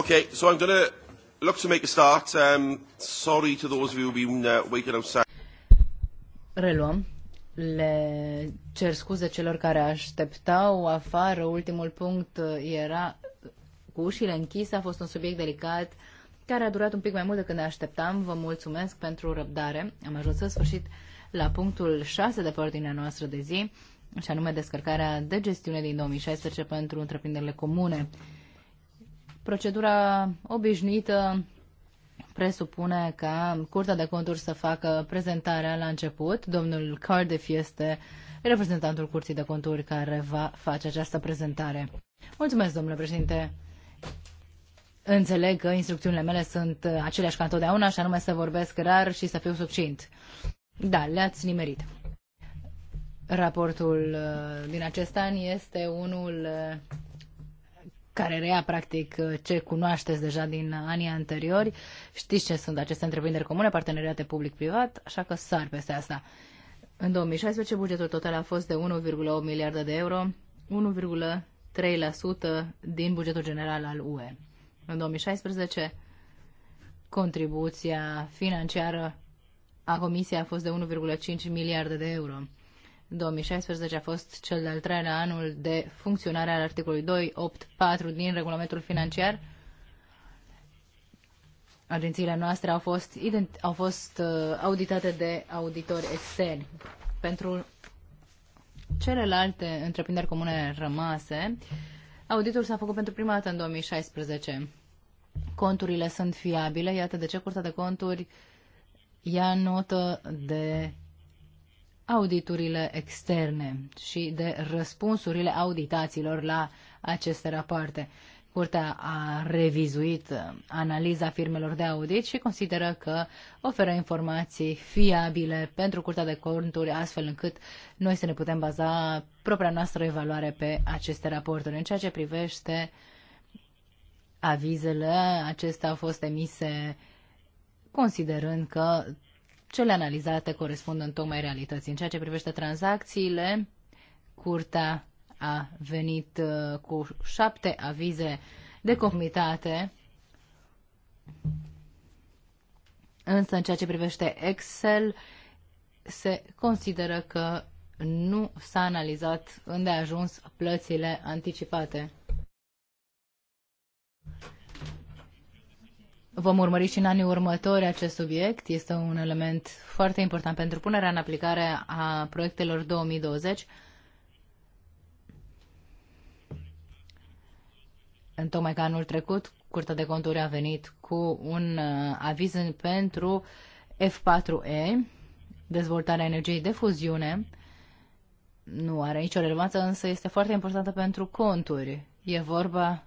Okay, so I'm going to look to make a start. Um, sorry to those of you have been uh, waiting outside. Reluăm. Le cer scuze celor care așteptau afară. Ultimul punct uh, era cu ușile închise. A fost un subiect delicat care a durat un pic mai mult decât ne așteptam. Vă mulțumesc pentru răbdare. Am ajuns în sfârșit la punctul 6 de pe ordinea noastră de zi, și anume descărcarea de gestiune din 2016 pentru întreprinderile comune. Procedura obișnuită presupune ca Curtea de Conturi să facă prezentarea la început. Domnul Cardiff este reprezentantul Curții de Conturi care va face această prezentare. Mulțumesc, domnule președinte. Înțeleg că instrucțiunile mele sunt aceleași ca întotdeauna, și anume să vorbesc rar și să fiu succint. Da, le-ați nimerit. Raportul uh, din acest an este unul uh, care reia practic ce cunoașteți deja din anii anteriori. Știți ce sunt aceste întreprinderi comune, parteneriate public-privat, așa că sar peste asta. În 2016 bugetul total a fost de 1,8 miliarde de euro, 1,3% din bugetul general al UE. În 2016 contribuția financiară a Comisiei a fost de 1,5 miliarde de euro. 2016 a fost cel de-al treilea anul de funcționare al articolului 284 din regulamentul financiar. Agențiile noastre au fost, ident- au fost uh, auditate de auditori externi. Pentru celelalte întreprinderi comune rămase, auditul s-a făcut pentru prima dată în 2016. Conturile sunt fiabile, iată de ce Curtea de Conturi ia notă de auditurile externe și de răspunsurile auditaților la aceste rapoarte. Curtea a revizuit uh, analiza firmelor de audit și consideră că oferă informații fiabile pentru Curtea de Conturi, astfel încât noi să ne putem baza propria noastră evaluare pe aceste raporturi. În ceea ce privește avizele, acestea au fost emise considerând că cele analizate corespund în tocmai realității. În ceea ce privește tranzacțiile, curtea a venit uh, cu șapte avize de comitate, însă în ceea ce privește Excel, se consideră că nu s-a analizat unde a ajuns plățile anticipate. Vom urmări și în anii următori acest subiect. Este un element foarte important pentru punerea în aplicare a proiectelor 2020. În tocmai ca anul trecut, Curtea de Conturi a venit cu un uh, aviz pentru F4E, dezvoltarea energiei de fuziune. Nu are nicio relevanță, însă este foarte importantă pentru conturi. E vorba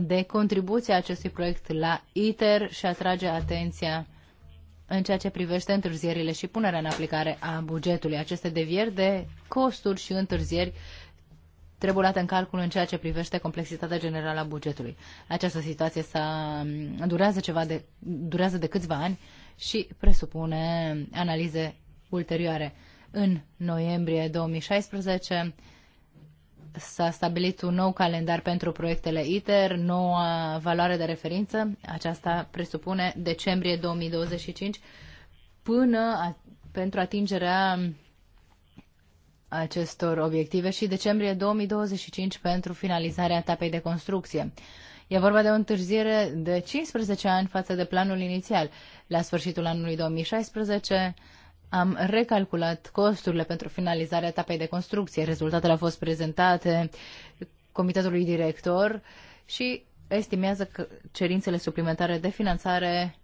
de contribuția acestui proiect la ITER și atrage atenția în ceea ce privește întârzierile și punerea în aplicare a bugetului. Aceste devieri de costuri și întârzieri trebuie luate în calcul în ceea ce privește complexitatea generală a bugetului. Această situație s-a, durează, ceva de, durează de câțiva ani și presupune analize ulterioare. În noiembrie 2016 s-a stabilit un nou calendar pentru proiectele ITER, noua valoare de referință. Aceasta presupune decembrie 2025 până a, pentru atingerea acestor obiective și decembrie 2025 pentru finalizarea etapei de construcție. E vorba de o întârziere de 15 ani față de planul inițial. La sfârșitul anului 2016, am recalculat costurile pentru finalizarea etapei de construcție. Rezultatele au fost prezentate comitetului director și estimează că cerințele suplimentare de finanțare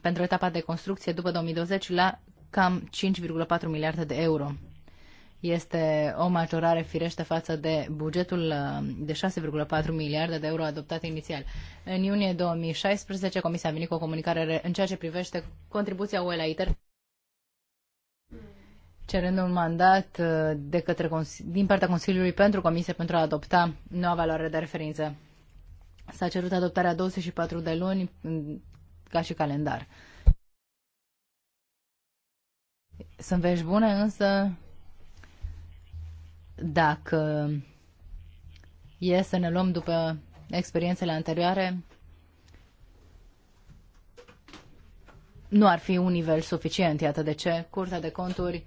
pentru etapa de construcție după 2020 la cam 5,4 miliarde de euro. Este o majorare firește față de bugetul uh, de 6,4 miliarde de euro adoptat inițial. În iunie 2016, Comisia a venit cu o comunicare în ceea ce privește contribuția UE la ITER cerând un mandat uh, de către, din partea Consiliului pentru Comisie pentru a adopta noua valoare de referință. S-a cerut adoptarea 24 de luni mm, ca și calendar. Sunt vești bune, însă dacă e să ne luăm după experiențele anterioare, nu ar fi un nivel suficient. Iată de ce Curtea de Conturi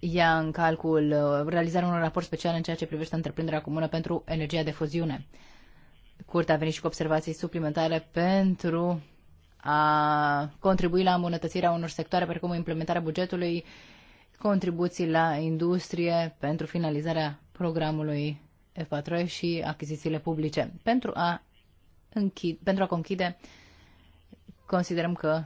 ia în calcul uh, realizarea unui raport special în ceea ce privește întreprinderea comună pentru energia de fuziune. Curtea a venit și cu observații suplimentare pentru a contribui la îmbunătățirea unor sectoare precum implementarea bugetului, contribuții la industrie pentru finalizarea programului E4 și achizițiile publice. Pentru a, închid, pentru a conchide, considerăm că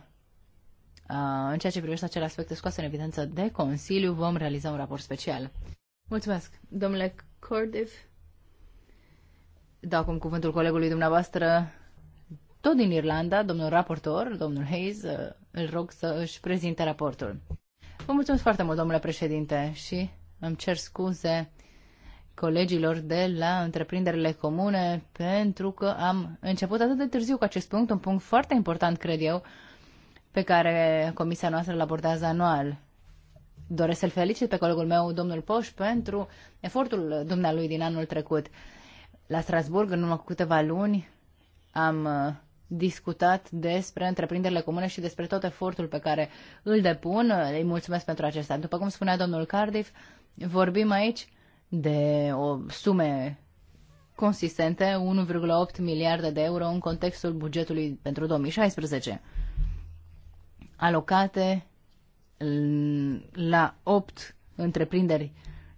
Uh, în ceea ce privește acele aspecte scoase în evidență de Consiliu, vom realiza un raport special. Mulțumesc. Domnule Cordiv, dau acum cuvântul colegului dumneavoastră, tot din Irlanda, domnul raportor, domnul Hayes, uh, îl rog să își prezinte raportul. Vă mulțumesc foarte mult, domnule președinte, și îmi cer scuze colegilor de la întreprinderile comune pentru că am început atât de târziu cu acest punct, un punct foarte important, cred eu, pe care comisia noastră îl abordează anual. Doresc să-l felicit pe colegul meu, domnul Poș, pentru efortul dumnealui din anul trecut. La Strasburg, în urmă cu câteva luni, am uh, discutat despre întreprinderile comune și despre tot efortul pe care îl depun. Îi mulțumesc pentru acesta. După cum spunea domnul Cardiff, vorbim aici de o sume consistente, 1,8 miliarde de euro în contextul bugetului pentru 2016 alocate la opt întreprinderi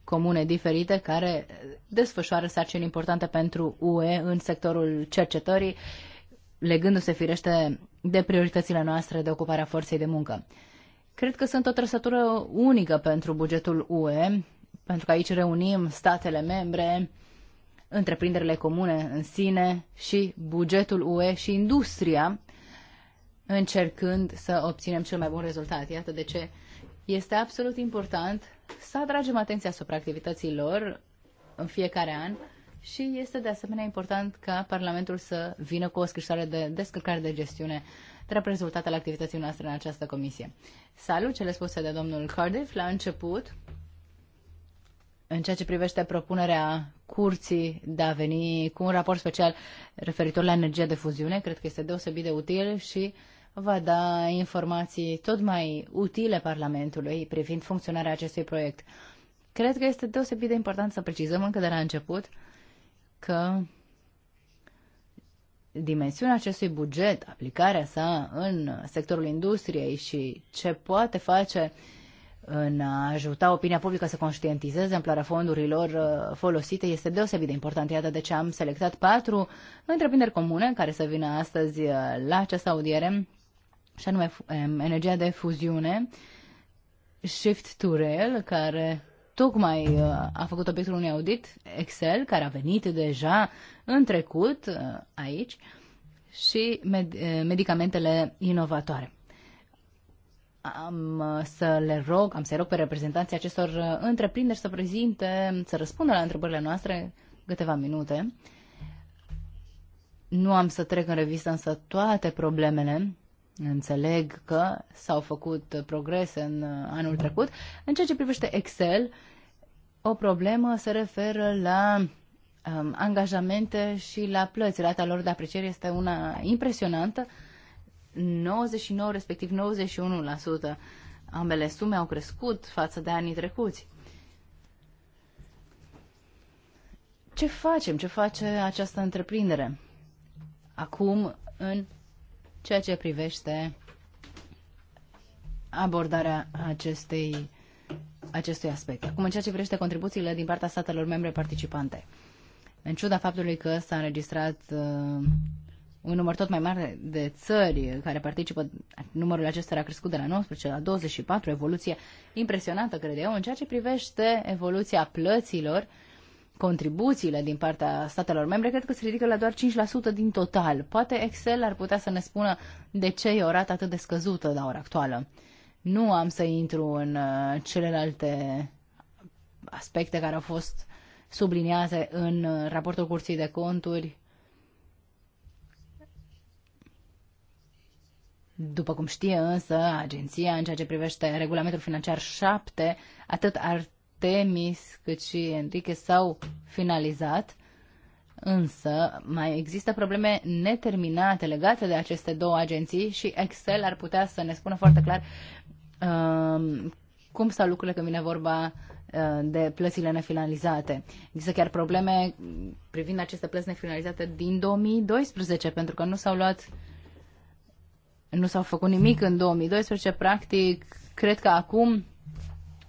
comune diferite care desfășoară sarcini importante pentru UE în sectorul cercetării, legându-se firește de prioritățile noastre de ocupare a forței de muncă. Cred că sunt o trăsătură unică pentru bugetul UE, pentru că aici reunim statele membre, întreprinderile comune în sine și bugetul UE și industria, încercând să obținem cel mai bun rezultat. Iată de ce este absolut important să atragem atenția asupra activității lor în fiecare an și este de asemenea important ca Parlamentul să vină cu o scrisoare de descărcare de gestiune drept rezultat al activității noastre în această comisie. Salut cele spuse de domnul Cardiff la început în ceea ce privește propunerea curții de a veni cu un raport special referitor la energia de fuziune. Cred că este deosebit de util și uh, va da informații tot mai utile Parlamentului privind funcționarea acestui proiect. Cred că este deosebit de important să precizăm încă de la început că dimensiunea acestui buget, aplicarea sa în sectorul industriei și ce poate face în a ajuta opinia publică să conștientizeze amploarea fondurilor uh, folosite este deosebit de important. Iată de ce am selectat patru întreprinderi comune care să vină astăzi uh, la această audiere și anume energia de fuziune, Shift to Rail, care tocmai uh, a făcut obiectul unui audit Excel, care a venit deja în trecut uh, aici, și med- eh, medicamentele inovatoare. Am uh, să le rog, am să rog pe reprezentanții acestor întreprinderi să prezinte, să răspundă la întrebările noastre câteva minute. Nu am să trec în revistă însă toate problemele Înțeleg că s-au făcut progrese în uh, anul trecut. În ceea ce privește Excel, o problemă se referă la um, angajamente și la plăți. Rata lor de apreciere este una impresionantă, 99 respectiv 91%. Ambele sume au crescut față de anii trecuți. Ce facem? Ce face această întreprindere? Acum, în ceea ce privește abordarea acestei, acestui aspect. Acum, în ceea ce privește contribuțiile din partea statelor membre participante, în ciuda faptului că s-a înregistrat uh, un număr tot mai mare de țări care participă, numărul acesta a crescut de la 19 la 24, evoluție impresionantă, cred eu, în ceea ce privește evoluția plăților, uh, contribuțiile din partea statelor membre, cred că se ridică la doar 5% din total. Poate Excel ar putea să ne spună de ce e o rată atât de scăzută la ora actuală. Nu am să intru în uh, celelalte aspecte care au fost subliniate în uh, raportul Curții de Conturi. După cum știe însă agenția, în ceea ce privește regulamentul financiar 7, atât ar Artemis cât și Enrique s-au finalizat, însă mai există probleme neterminate legate de aceste două agenții și Excel ar putea să ne spună foarte clar uh, cum stau lucrurile când vine vorba uh, de plățile nefinalizate. Există chiar probleme privind aceste plăți nefinalizate din 2012, pentru că nu s-au luat nu s-au făcut nimic în 2012, practic, cred că acum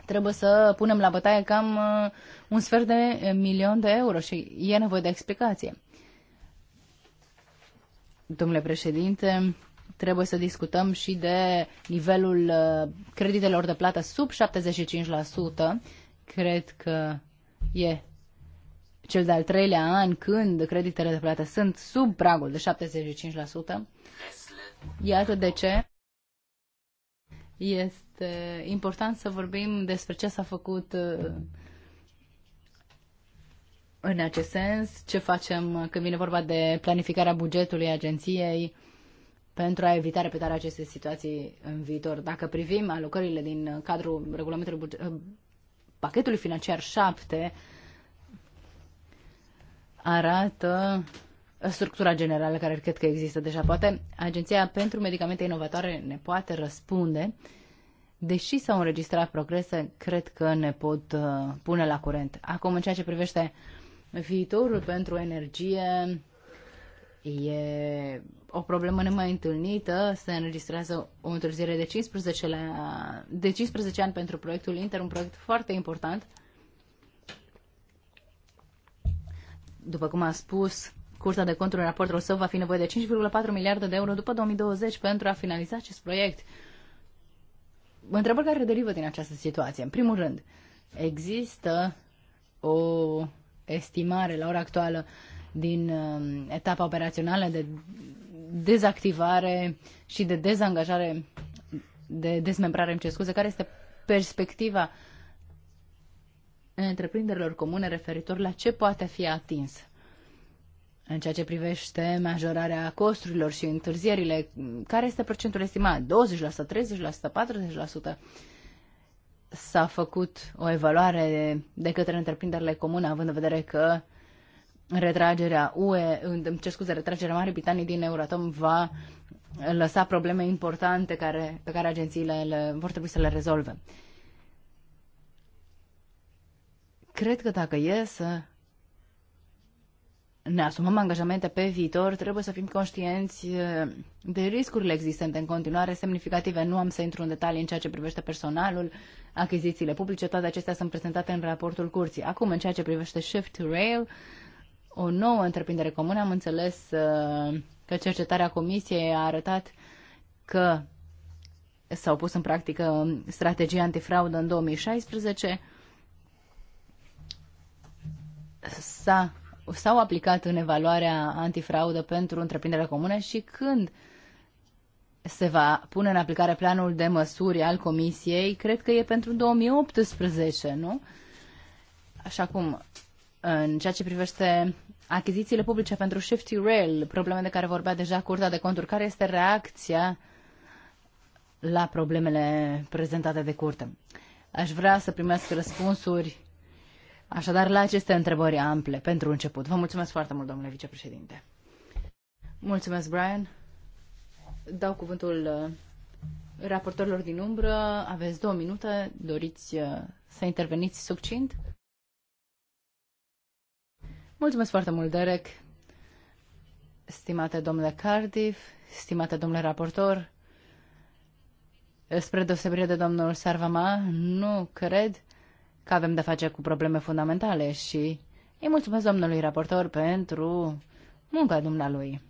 trebuie să punem la bătaie cam uh, un sfert de milion de euro și e nevoie de explicație. Domnule președinte, trebuie să discutăm și de nivelul uh, creditelor de plată sub 75%. Cred că e cel de-al treilea an când creditele de plată sunt sub pragul de 75%. Iată de ce este este important să vorbim despre ce s-a făcut uh, în acest sens, ce facem când vine vorba de planificarea bugetului agenției pentru a evita repetarea acestei situații în viitor. Dacă privim alocările din cadrul regulamentului buget, uh, pachetului financiar 7, arată structura generală care cred că există deja. Poate Agenția pentru Medicamente Inovatoare ne poate răspunde deși s-au înregistrat progrese, cred că ne pot uh, pune la curent. Acum, în ceea ce privește viitorul pentru energie, e o problemă nemai întâlnită. Se înregistrează o întârziere de 15, la, de 15 ani pentru proiectul Inter, un proiect foarte important. După cum am spus, Curtea de conturi în raportul său va fi nevoie de 5,4 miliarde de euro după 2020 pentru a finaliza acest proiect întrebări care derivă din această situație. În primul rând, există o estimare la ora actuală din um, etapa operațională de dezactivare și de dezangajare, de dezmembrare, îmi ce scuze, care este perspectiva întreprinderilor comune referitor la ce poate fi atins. În ceea ce privește majorarea costurilor și întârzierile, care este procentul estimat? 20%, 30%, 40%? S-a făcut o evaluare de către întreprinderile comune, având în vedere că retragerea UE, ce scuze, retragerea Marii Britanii din Euratom va lăsa probleme importante care, pe care agențiile le, vor trebui să le rezolve. Cred că dacă e să ne asumăm angajamente pe viitor, trebuie să fim conștienți eh, de riscurile existente în continuare semnificative. Nu am să intru în detalii în ceea ce privește personalul, achizițiile publice, toate acestea sunt prezentate în raportul curții. Acum, în ceea ce privește Shift to Rail, o nouă întreprindere comună, am înțeles eh, că cercetarea comisiei a arătat că s-au pus în practică um, strategia antifraudă în 2016. S-a s-au aplicat în evaluarea antifraudă pentru întreprinderile comune și când se va pune în aplicare planul de măsuri al Comisiei, cred că e pentru 2018, nu? Așa cum, în ceea ce privește achizițiile publice pentru Shifty Rail, probleme de care vorbea deja Curtea de Conturi, care este reacția la problemele prezentate de curte? Aș vrea să primesc răspunsuri Așadar, la aceste întrebări ample, pentru început. Vă mulțumesc foarte mult, domnule vicepreședinte. Mulțumesc, Brian. Dau cuvântul uh, raportorilor din umbră. Aveți două minute. Doriți uh, să interveniți succint? Mulțumesc foarte mult, Derek. Stimate domnule Cardiff, stimate domnule raportor, spre deosebire de domnul Sarvama, nu cred că avem de face cu probleme fundamentale și îi mulțumesc domnului raportor pentru munca dumnealui.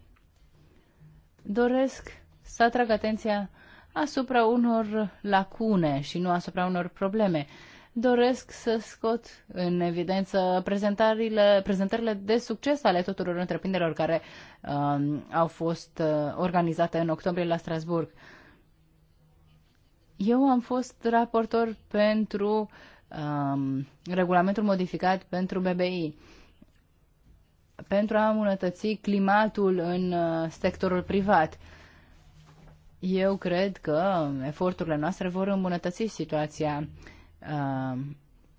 Doresc să atrag atenția asupra unor lacune și nu asupra unor probleme. Doresc să scot în evidență prezentările, prezentările de succes ale tuturor întreprinderilor care um, au fost uh, organizate în octombrie la Strasburg. Eu am fost raportor pentru uh, um, regulamentul modificat pentru BBI pentru a îmbunătăți climatul în uh, sectorul privat. Eu cred că eforturile noastre vor îmbunătăți situația uh,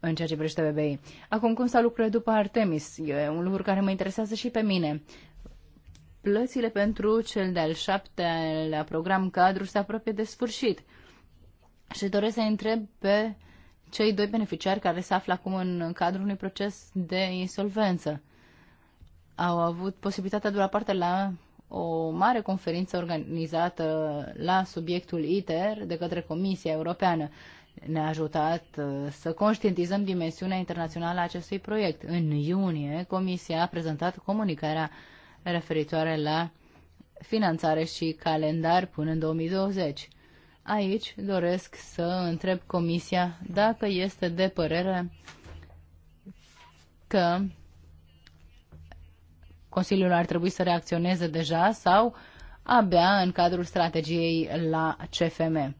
în ceea ce privește BBI. Acum, cum s-a lucrurile după Artemis? E un lucru care mă interesează și pe mine. Plățile pentru cel de-al șaptelea program cadru se apropie de sfârșit. Și doresc să întreb pe cei doi beneficiari care se află acum în cadrul unui proces de insolvență. Au avut posibilitatea de la parte la o mare conferință organizată la subiectul ITER de către Comisia Europeană. Ne-a ajutat uh, să conștientizăm dimensiunea internațională a acestui proiect. În iunie, Comisia a prezentat comunicarea referitoare la finanțare și calendar până în 2020. Aici doresc să întreb Comisia dacă este de părere că Consiliul ar trebui să reacționeze deja sau abia în cadrul strategiei la CFM.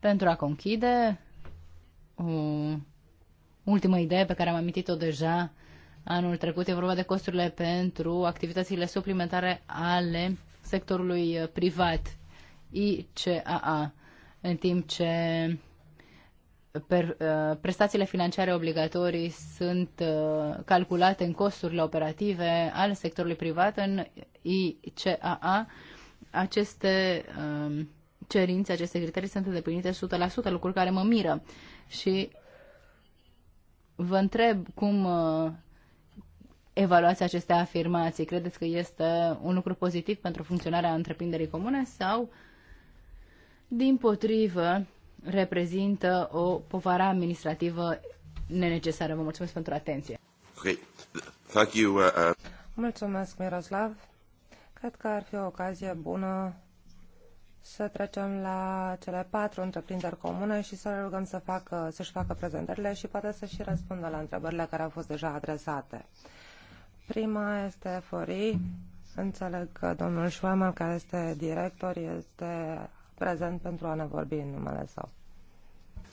Pentru a conchide, o ultimă idee pe care am amintit-o deja anul trecut e vorba de costurile pentru activitățile suplimentare ale sectorului privat, ICAA în timp ce per, uh, prestațiile financiare obligatorii sunt uh, calculate în costurile operative ale sectorului privat în ICAA. Aceste um, cerințe, aceste criterii sunt îndeplinite 100%, lucruri care mă miră. Și vă întreb cum uh, evaluați aceste afirmații. Credeți că este un lucru pozitiv pentru funcționarea întreprinderii comune sau uh, din potrivă, reprezintă o povară administrativă nenecesară. Vă mulțumesc pentru atenție. Okay. Thank you, uh, uh... Mulțumesc, Miroslav. Cred că ar fi o ocazie bună să trecem la cele patru întreprinderi comune și să le rugăm să facă, să-și facă prezentările și poate să și răspundă la întrebările care au fost deja adresate. Prima este Fori. Înțeleg că domnul Schwammer, care este director, este prezent pentru a ne vorbi în numele său.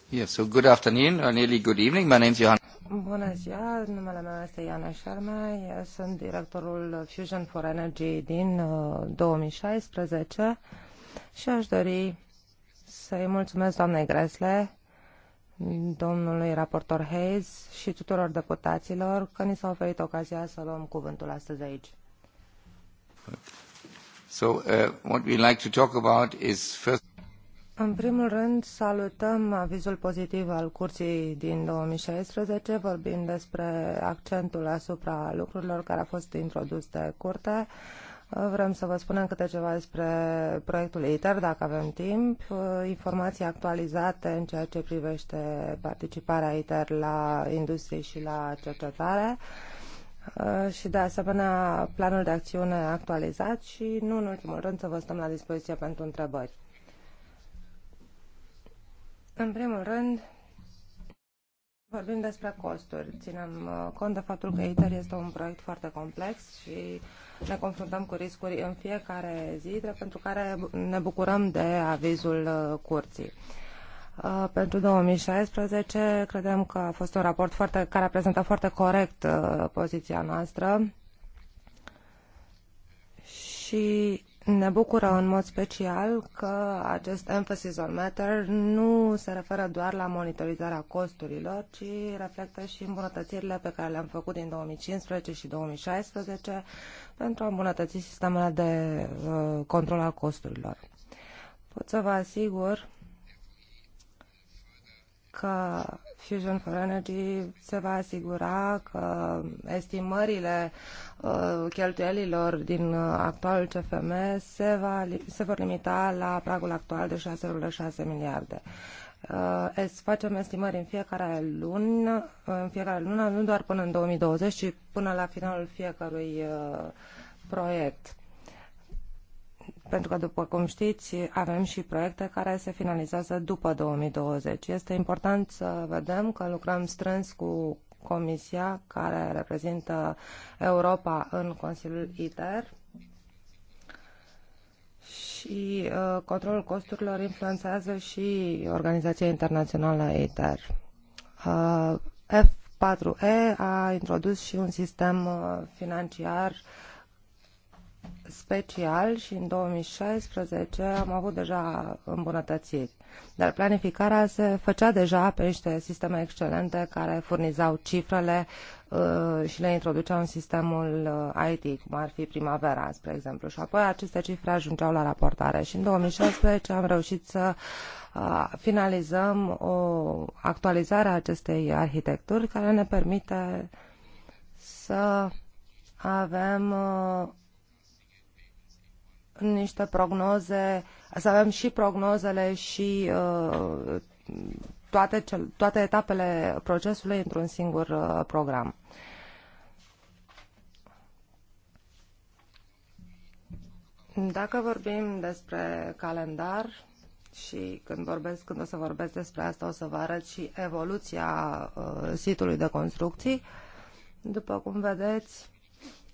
Yes, so good afternoon or nearly good evening. My name's Johan. Bună ziua, numele meu este Iana Șerme, Eu sunt directorul Fusion for Energy din 2016 uh, și aș dori să-i mulțumesc doamnei Gresle, domnului raportor Hayes și tuturor deputaților că ni s-a oferit ocazia să luăm cuvântul astăzi aici în primul rând, salutăm avizul pozitiv al curții din 2016, vorbind despre accentul asupra lucrurilor care a fost introdus de curte. Vrem să vă spunem câte ceva despre proiectul ITER, dacă avem timp, informații actualizate în ceea ce privește participarea ITER la industrie și la cercetare Uh, și de asemenea planul de acțiune actualizat și nu în ultimul rând să vă stăm la dispoziție pentru întrebări. În primul rând, vorbim despre costuri. Ținem uh, cont de faptul că ITER este un proiect foarte complex și ne confruntăm cu riscuri în fiecare zi, pentru care ne bucurăm de avizul uh, curții. Uh, pentru 2016. Credem că a fost un raport foarte, care a prezentat foarte corect uh, poziția noastră și ne bucură în mod special că acest emphasis on matter nu se referă doar la monitorizarea costurilor, ci reflectă și îmbunătățirile pe care le-am făcut din 2015 și 2016 pentru a îmbunătăți sistemele de uh, control al costurilor. Pot să vă asigur că Fusion for Energy se va asigura că estimările uh, cheltuielilor din uh, actualul CFM se, va, se vor limita la pragul actual de 6,6 miliarde. Uh, facem estimări în fiecare lună, în fiecare lună, nu doar până în 2020, ci până la finalul fiecărui uh, proiect pentru că, după cum știți, avem și proiecte care se finalizează după 2020. Este important să vedem că lucrăm strâns cu Comisia care reprezintă Europa în Consiliul ITER și uh, controlul costurilor influențează și Organizația Internațională ITER. Uh, F4E a introdus și un sistem uh, financiar uh, special și în 2016 am avut deja îmbunătățiri. Dar planificarea se făcea deja pe niște sisteme excelente care furnizau cifrele uh, și le introduceau în sistemul uh, IT, cum ar fi primavera, spre exemplu. Și apoi aceste cifre ajungeau la raportare. Și în 2016 am reușit să uh, finalizăm o actualizare a acestei arhitecturi care ne permite să avem niște prognoze, să avem și prognozele și uh, toate, cel, toate etapele procesului într-un singur uh, program. Dacă vorbim despre calendar și când, vorbesc, când o să vorbesc despre asta o să vă arăt și evoluția uh, sitului de construcții, după cum vedeți,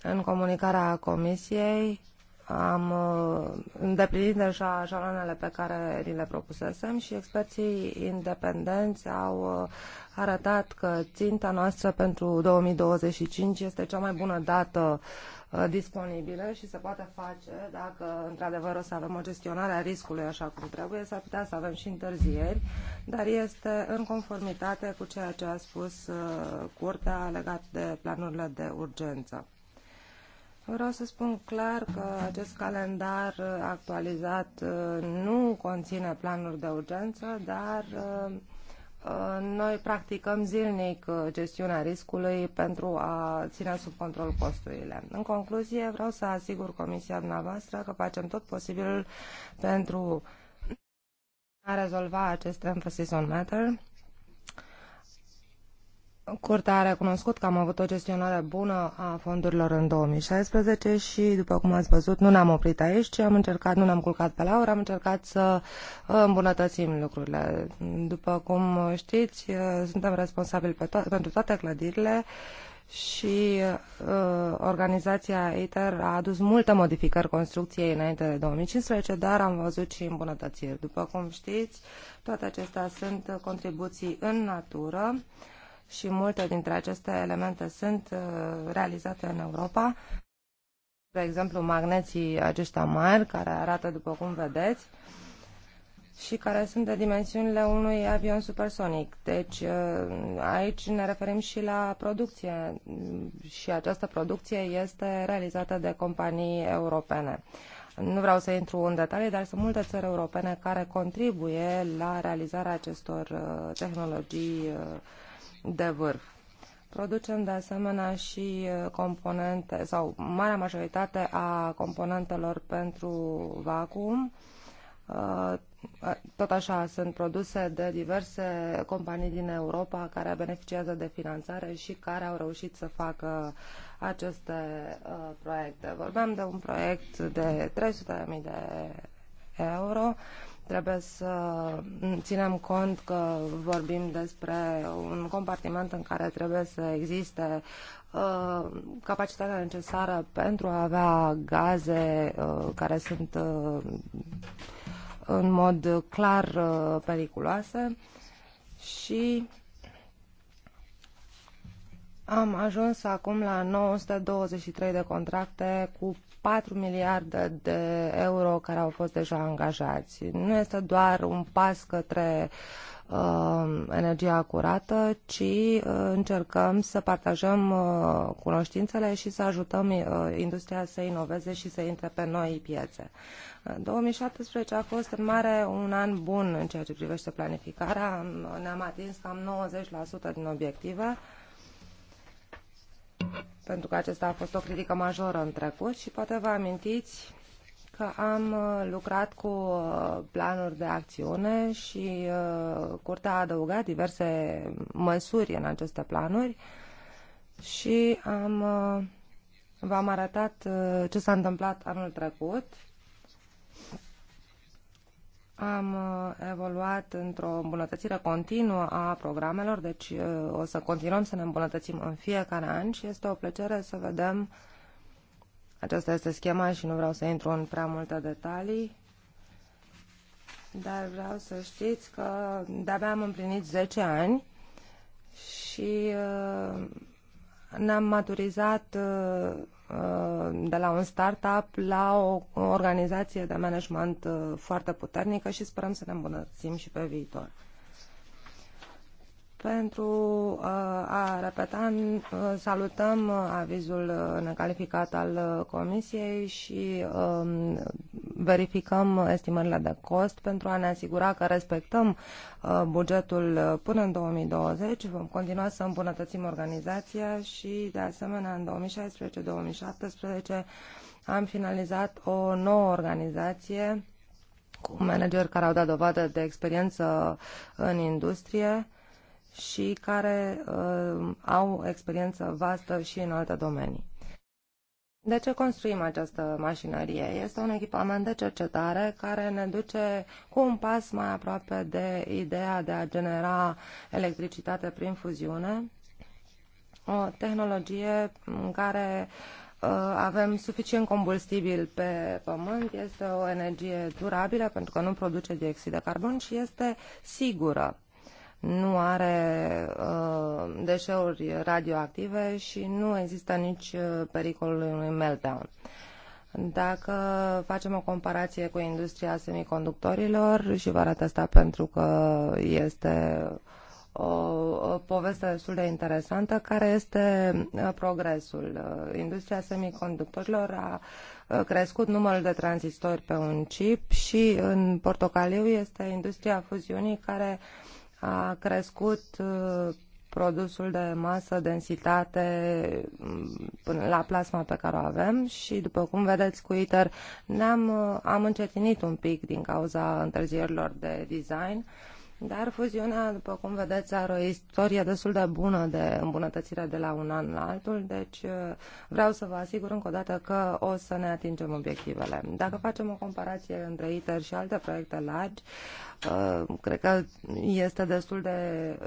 în comunicarea Comisiei am uh, îndeplinit deja jalonele pe care li le propusesem și experții independenți au uh, arătat că ținta noastră pentru 2025 este cea mai bună dată uh, disponibilă și se poate face dacă într-adevăr o să avem o gestionare a riscului așa cum trebuie, s-ar putea să avem și întârzieri, dar este în conformitate cu ceea ce a spus Curtea legat de planurile de urgență. Vreau să spun clar că acest calendar uh, actualizat uh, nu conține planuri de urgență, dar uh, noi practicăm zilnic gestiunea riscului pentru a ține sub control costurile. În concluzie, vreau să asigur Comisia dumneavoastră că facem tot posibilul pentru a rezolva acest emphasis on matter Curtea a recunoscut că am avut o gestionare bună a fondurilor în 2016 și, după cum ați văzut, nu ne-am oprit aici, ci am încercat, nu ne-am culcat pe laur, am încercat să uh, îmbunătățim lucrurile. După cum știți, uh, suntem responsabili pe to- pentru toate clădirile și uh, organizația ITER a adus multe modificări construcției înainte de 2015, dar am văzut și îmbunătățiri. După cum știți, toate acestea sunt contribuții în natură. Uh, și multe dintre aceste elemente sunt uh, realizate în Europa. De exemplu, magneții aceștia mari, care arată după cum vedeți, și care sunt de dimensiunile unui avion supersonic. Deci uh, aici ne referim și la producție și această producție este realizată de companii europene. Nu vreau să intru în detalii, dar sunt multe țări europene care contribuie la realizarea acestor uh, tehnologii de vârf. Producem de asemenea și uh, componente sau marea majoritate a componentelor pentru vacuum. Uh, tot așa sunt produse de diverse companii din Europa care beneficiază de finanțare și care au reușit să facă aceste uh, proiecte. Vorbeam de un proiect de 300.000 de euro Trebuie să ținem cont că vorbim despre un compartiment în care trebuie să existe uh, capacitatea necesară pentru a avea gaze uh, care sunt uh, în mod clar periculoase și am ajuns acum la 923 de contracte cu 4 miliarde de euro care au fost deja angajați. Nu este doar un pas către uh, energia curată, ci uh, încercăm să partajăm uh, cunoștințele și să ajutăm uh, industria să inoveze și să intre pe noi piețe. 2017 a fost în mare un an bun în ceea ce privește planificarea. Ne-am atins cam 90% din obiective pentru că acesta a fost o critică majoră în trecut și poate vă amintiți că am uh, lucrat cu uh, planuri de acțiune și uh, Curtea a adăugat diverse măsuri în aceste planuri și am, v-am arătat ce s-a întâmplat anul trecut am uh, evoluat într-o îmbunătățire continuă a programelor, deci uh, o să continuăm să ne îmbunătățim în fiecare an și este o plăcere să vedem. Aceasta este schema și nu vreau să intru în prea multe detalii, dar vreau să știți că de-abia am împlinit 10 ani și uh, ne-am maturizat uh, de la un startup la o organizație de management uh, foarte puternică și sperăm să ne îmbunătățim și pe viitor. Pentru uh, a repeta, uh, salutăm uh, avizul necalificat al Comisiei și um, verificăm estimările de cost pentru a ne asigura că respectăm bugetul până în 2020. Vom continua să îmbunătățim organizația și, de asemenea, în 2016-2017 am finalizat o nouă organizație cu manageri care au dat dovadă de experiență în industrie și care uh, au experiență vastă și în alte domenii. De ce construim această mașinărie? Este un echipament de cercetare care ne duce cu un pas mai aproape de ideea de a genera electricitate prin fuziune, o tehnologie în care uh, avem suficient combustibil pe pământ, este o energie durabilă pentru că nu produce dioxid de carbon și este sigură nu are uh, deșeuri radioactive și nu există nici uh, pericolul unui meltdown. Dacă facem o comparație cu industria semiconductorilor și vă arăt asta pentru că este o, o poveste destul de interesantă, care este uh, progresul. Uh, industria semiconductorilor a crescut numărul de tranzistori pe un chip și în portocaliu este industria fuziunii care uh, a crescut uh, produsul de masă, densitate mm, până la plasma pe care o avem și, după cum vedeți cu ITER, ne-am, uh, am încetinit un pic din cauza întârzierilor de design dar fuziunea, după cum vedeți, are o istorie destul de bună de îmbunătățire de la un an la altul, deci uh, vreau să vă asigur încă o dată că o să ne atingem obiectivele. Dacă facem o comparație între ITER și alte proiecte largi, uh, cred că este destul de,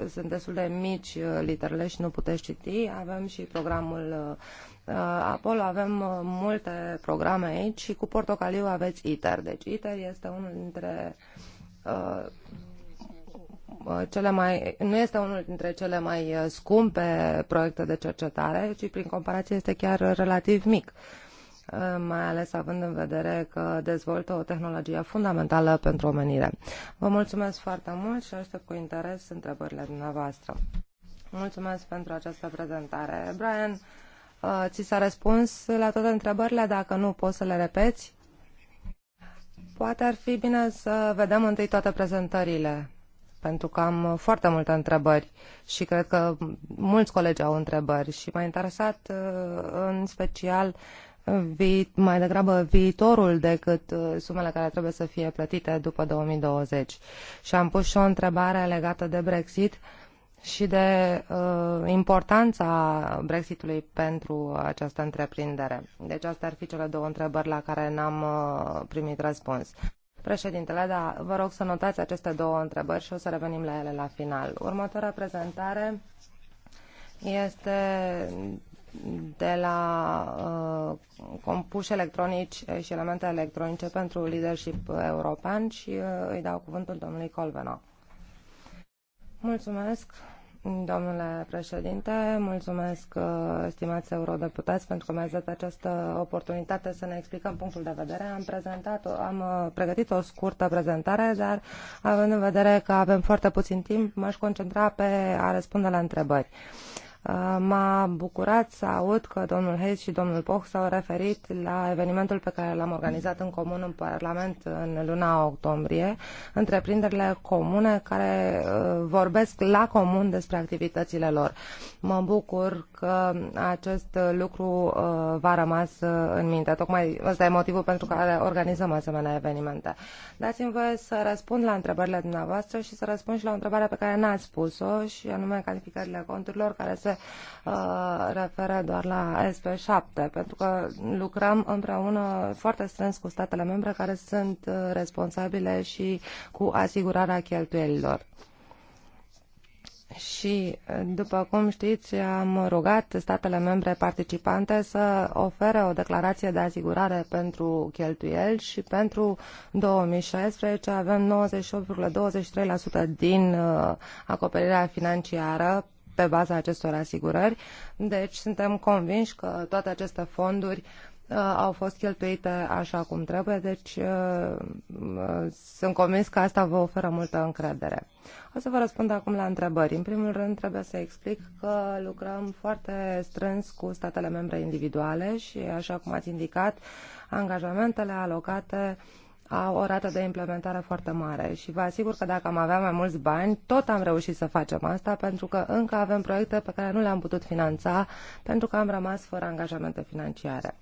sunt destul de mici uh, literele și nu puteți citi. Avem și programul Apollo, avem multe programe aici și cu Portocaliu aveți ITER. Deci ITER este unul dintre Uh, cele mai, nu este unul dintre cele mai uh, scumpe proiecte de cercetare, ci prin comparație este chiar relativ mic uh, mai ales având în vedere că dezvoltă o tehnologie fundamentală pentru omenire. Vă mulțumesc foarte mult și aștept cu interes întrebările dumneavoastră. Mulțumesc pentru această prezentare. Brian, ți s-a răspuns la toate întrebările? Dacă nu, poți să le repeți? Poate ar fi bine să vedem întâi toate prezentările pentru că am uh, foarte multe întrebări și cred că mulți colegi au întrebări și m-a interesat uh, în special uh, mai degrabă viitorul decât sumele care trebuie să fie plătite după 2020. Și am pus și o întrebare legată de Brexit și de uh, importanța Brexitului pentru această întreprindere. Deci astea ar fi cele două întrebări la care n-am uh, primit răspuns. Președintele, da, vă rog să notați aceste două întrebări și o să revenim la ele la final. Următoarea prezentare este de la uh, compuși electronici și elemente electronice pentru leadership european și uh, îi dau cuvântul domnului Colvena. Mulțumesc. Domnule președinte, mulțumesc, uh, stimați eurodeputați, pentru că mi-ați dat această oportunitate să ne explicăm punctul de vedere. Am, prezentat, am uh, pregătit o scurtă prezentare, dar având în vedere că avem foarte puțin timp, m-aș concentra pe a răspunde la întrebări. Uh, m-a bucurat să aud că domnul Hayes și domnul Poch s-au referit la evenimentul pe care l-am organizat în comun în Parlament în luna octombrie, întreprinderile comune care uh, vorbesc la comun despre activitățile lor. Mă bucur că acest lucru uh, va rămas în minte. Tocmai ăsta e motivul pentru care organizăm asemenea evenimente. Dați-mi voie să răspund la întrebările dumneavoastră și să răspund și la o întrebare pe care n-ați spus-o și anume calificările conturilor care se se uh, refere doar la SP7, pentru că lucrăm împreună foarte strâns cu statele membre care sunt uh, responsabile și cu asigurarea cheltuielilor. Și, uh, după cum știți, am rugat statele membre participante să ofere o declarație de asigurare pentru cheltuieli și pentru 2016 avem 98,23% din uh, acoperirea financiară pe baza acestor asigurări. Deci suntem convinși că toate aceste fonduri uh, au fost cheltuite așa cum trebuie, deci uh, uh, sunt convins că asta vă oferă multă încredere. O să vă răspund acum la întrebări. În primul rând trebuie să explic că lucrăm foarte strâns cu statele membre individuale și, așa cum ați indicat, angajamentele alocate uh, au o rată de implementare foarte mare și vă asigur că dacă am avea mai mulți bani, tot am reușit să facem asta pentru că încă avem proiecte pe care nu le-am putut finanța pentru că am rămas fără angajamente financiare.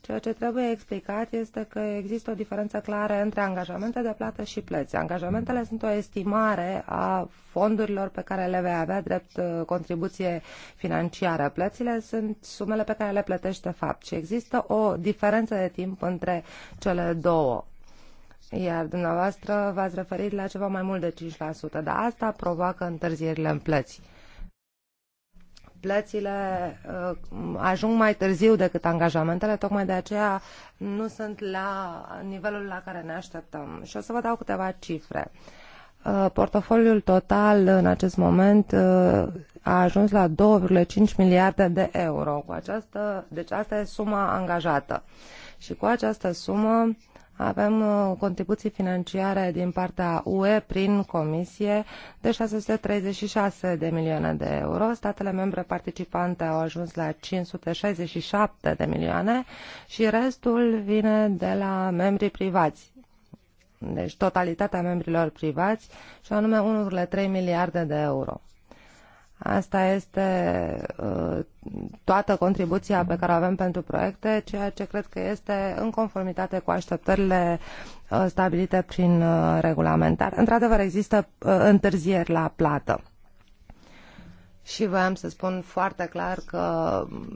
Ceea ce trebuie explicat este că există o diferență clară între angajamente de plată și plăți. Angajamentele sunt o estimare a fondurilor pe care le vei avea drept uh, contribuție financiară. Plățile sunt sumele pe care le plătești de fapt și există o diferență de timp între cele două. Iar dumneavoastră v-ați referit la ceva mai mult de 5%, dar asta provoacă întârzierile în plăți. Plățile uh, ajung mai târziu decât angajamentele, tocmai de aceea nu sunt la nivelul la care ne așteptăm. Și o să vă dau câteva cifre. Uh, portofoliul total în acest moment uh, a ajuns la 2,5 miliarde de euro. Cu această, deci asta e suma angajată. Și cu această sumă avem uh, contribuții financiare din partea UE prin Comisie de 636 de milioane de euro. Statele membre participante au ajuns la 567 de milioane și restul vine de la membrii privați deci totalitatea membrilor privați, și anume 1,3 miliarde de euro. Asta este ă, toată contribuția pe care o avem pentru proiecte, ceea ce cred că este în conformitate cu așteptările ă, stabilite prin ă, regulamentar. Într-adevăr, există întârzieri la plată. Și voiam să spun foarte clar că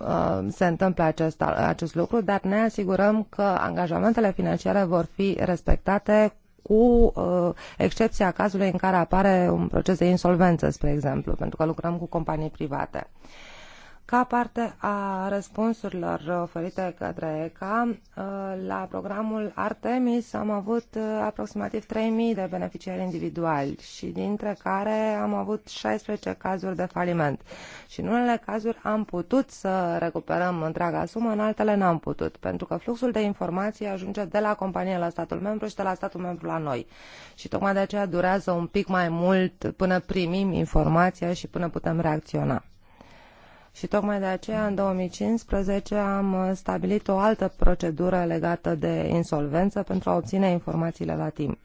uh, se întâmplă acest, acest lucru, dar ne asigurăm că angajamentele financiare vor fi respectate cu uh, excepția cazului în care apare un proces de insolvență, spre exemplu, pentru că lucrăm cu companii private. Uh, ca parte a răspunsurilor oferite către ECA, la programul Artemis am avut uh, aproximativ 3.000 de beneficiari individuali și dintre care am avut 16 cazuri de faliment. Și în unele cazuri am putut să recuperăm întreaga sumă, în altele n-am putut, pentru că fluxul de informații ajunge de la companie la statul membru și de la statul membru la noi. Și tocmai de aceea durează un pic mai mult până primim informația și până putem reacționa. Și tocmai de aceea, în 2015, am uh, stabilit o altă procedură legată de insolvență pentru a obține informațiile la timp.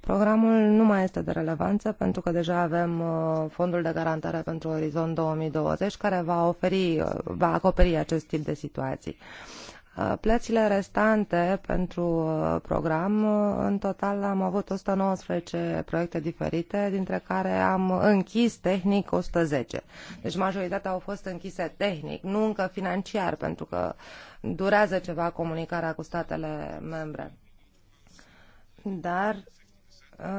Programul nu mai este de relevanță pentru că deja avem uh, fondul de garantare pentru Orizont 2020 care va, oferi, uh, va acoperi acest tip de situații. Uh, Uh, plățile restante pentru uh, program, uh, în total am avut 119 proiecte diferite, dintre care am închis tehnic 110. Deci majoritatea au fost închise tehnic, nu încă financiar, pentru că durează ceva comunicarea cu statele membre. Dar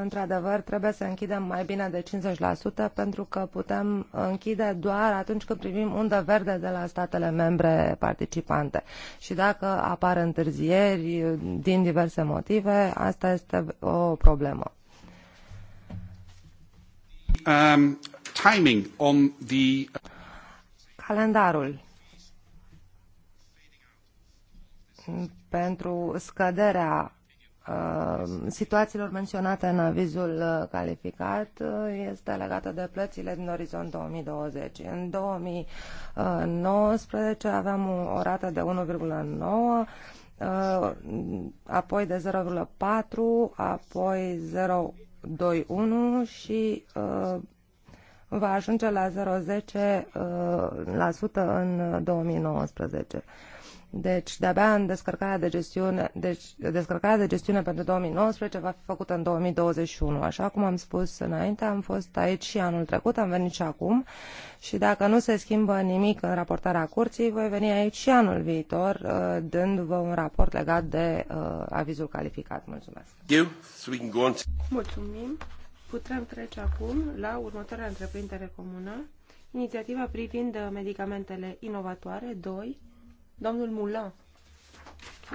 într-adevăr, trebuie să închidem mai bine de 50% pentru că putem închide doar atunci când primim undă verde de la statele membre participante. Și dacă apar întârzieri din diverse motive, asta este o problemă. Um, timing on the... Calendarul pentru scăderea Uh, situațiilor menționate în avizul uh, calificat uh, este legată de plățile din orizont 2020. În 2019 aveam o rată de 1,9, apoi de 0,4, apoi 0,21 și va ajunge la 0,10% în 2019. Deci, de-abia în descărcarea de gestiune, deci descărcarea de gestiune pentru 2019 va fi făcută în 2021. Așa cum am spus înainte, am fost aici și anul trecut, am venit și acum și dacă nu se schimbă nimic în raportarea curții, voi veni aici și anul viitor, uh, dându-vă un raport legat de uh, avizul calificat. Mulțumesc! Mulțumim! Putem trece acum la următoarea întreprindere comună, inițiativa privind uh, medicamentele inovatoare 2, Domnul Moulin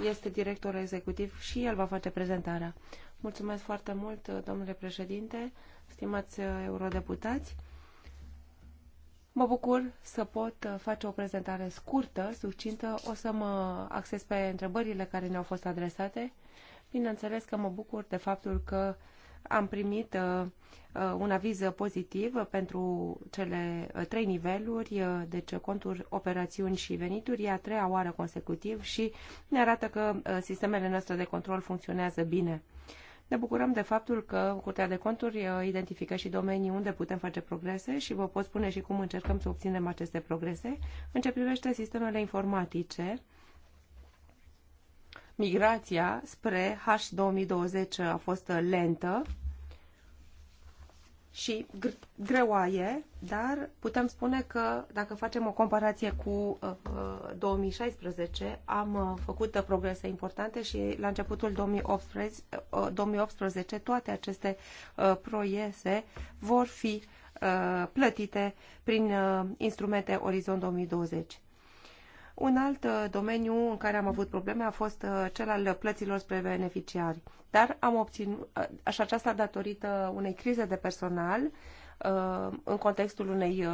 este director executiv și el va face prezentarea. Mulțumesc foarte mult, domnule președinte, stimați uh, eurodeputați. Mă bucur să pot uh, face o prezentare scurtă, succintă. O să mă acces pe întrebările care ne-au fost adresate. Bineînțeles că mă bucur de faptul că am primit uh, uh, un aviz pozitiv pentru cele uh, trei niveluri, deci conturi, operațiuni și venituri, e a treia oară consecutiv și ne arată că sistemele noastre de control funcționează bine. Ne bucurăm de faptul că Curtea de Conturi identifică și domenii unde putem face progrese și vă pot spune și cum încercăm să obținem aceste progrese. În ce privește sistemele informatice, migrația spre H2020 a fost lentă și greoaie, dar putem spune că dacă facem o comparație cu 2016, uh, uh, am uh, făcut progrese importante și la începutul 2018, 2018 toate aceste proiese vor fi plătite prin instrumente Orizont 2020. Un alt uh, domeniu în care am avut probleme a fost uh, cel al plăților spre beneficiari. Dar am obținut, așa uh, aceasta datorită unei crize de personal, în contextul unei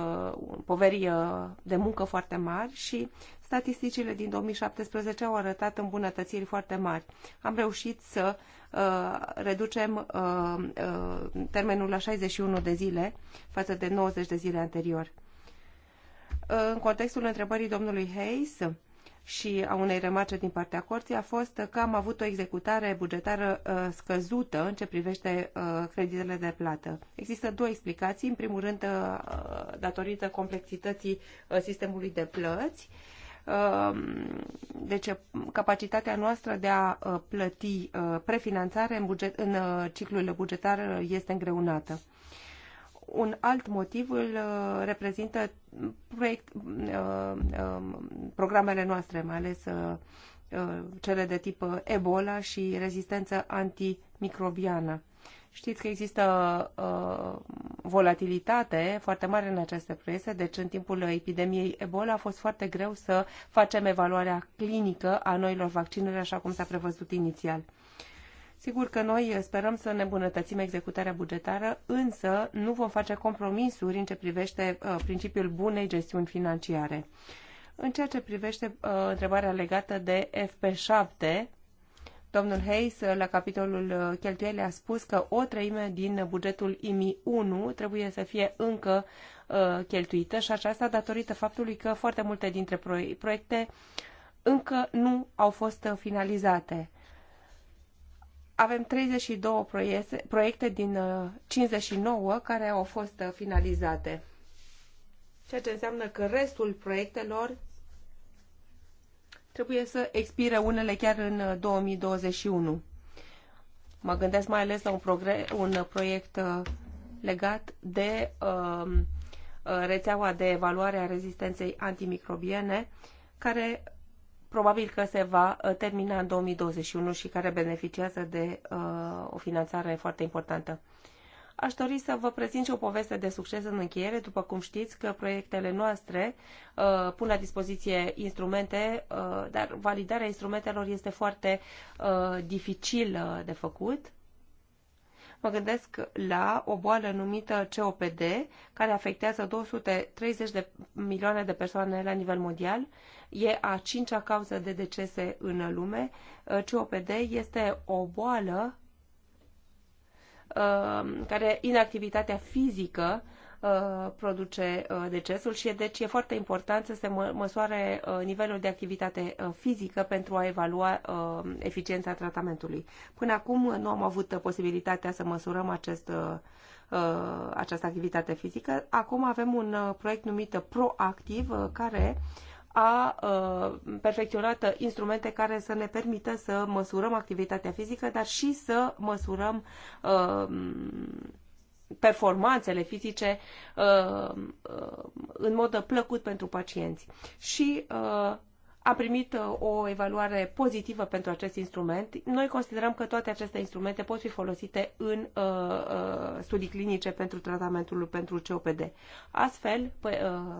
poveri de muncă foarte mari și statisticile din 2017 au arătat îmbunătățiri foarte mari. Am reușit să reducem termenul la 61 de zile față de 90 de zile anterior în contextul întrebării domnului Hayes și a unei remarce din partea corții a fost că am avut o executare bugetară uh, scăzută în ce privește uh, creditele de plată. Există două explicații. În primul rând, uh, datorită complexității sistemului de plăți, um, deci capacitatea noastră de a plăti prefinanțare în, buget, în ciclul bugetar este îngreunată. Un alt motiv îl uh, reprezintă proiect, uh, um, programele noastre, mai ales uh, cele de tip Ebola și rezistență antimicrobiană. Știți că există uh, volatilitate foarte mare în aceste proiecte, deci în timpul epidemiei Ebola a fost foarte greu să facem evaluarea clinică a noilor vaccinuri, așa cum s-a prevăzut inițial. Sigur că noi sperăm să ne bunătățim executarea bugetară, însă nu vom face compromisuri în ce privește uh, principiul bunei gestiuni financiare. În ceea ce privește uh, întrebarea legată de FP7, domnul Hayes, uh, la capitolul cheltuieli, a spus că o treime din bugetul IMI 1 trebuie să fie încă cheltuită și aceasta datorită faptului că foarte multe dintre proiecte încă nu au fost finalizate avem 32 proiecte, proiecte din 59 uh, care au fost uh, finalizate. Ceea ce înseamnă că restul proiectelor trebuie să expire unele chiar în 2021. Uh, mă gândesc mai ales la un, progre- un proiect legat de um, uh, rețeaua de evaluare a rezistenței antimicrobiene, care probabil că se va uh, termina în 2021 și care beneficiază de uh, o finanțare foarte importantă. Aș dori să vă prezint și o poveste de succes în încheiere. După cum știți că proiectele noastre uh, pun la dispoziție instrumente, uh, dar validarea instrumentelor este foarte uh, dificilă uh, de făcut. Mă gândesc la o boală numită COPD, care afectează 230 de milioane de persoane la nivel mondial. E a cincea cauză de decese în lume. Uh, COPD este o boală uh, care inactivitatea fizică Uh, produce uh, decesul și deci e foarte important să se măsoare uh, nivelul de activitate fizică pentru a evalua eficiența tratamentului. Până acum nu am avut posibilitatea să măsurăm acest această activitate fizică. Acum avem un proiect numit Proactiv care a perfecționat instrumente care să ne permită să măsurăm activitatea fizică, dar și să măsurăm performanțele fizice uh, uh, în mod plăcut pentru pacienți. Și uh, a primit uh, o evaluare pozitivă pentru acest instrument. Noi considerăm că toate aceste instrumente pot fi folosite în uh, uh, studii clinice pentru tratamentul pentru COPD. Astfel, uh,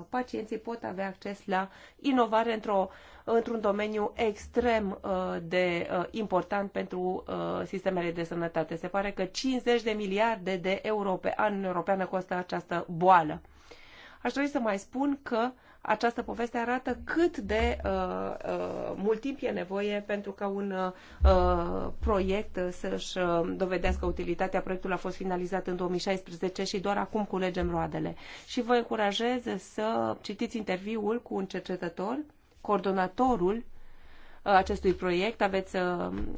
pacienții pot avea acces la inovare într-o, într-un domeniu extrem uh, de uh, important pentru uh, sistemele de sănătate. Se pare că 50 de miliarde de euro pe an în europeană costă această boală. Aș dori să mai spun că uh, această poveste arată cât de uh, uh, mult timp e nevoie pentru ca un uh, proiect uh, să-și uh, dovedească utilitatea. Proiectul a fost finalizat în 2016 și doar acum culegem roadele. Și vă încurajez să citiți interviul cu un cercetător, coordonatorul uh, acestui proiect. Aveți uh,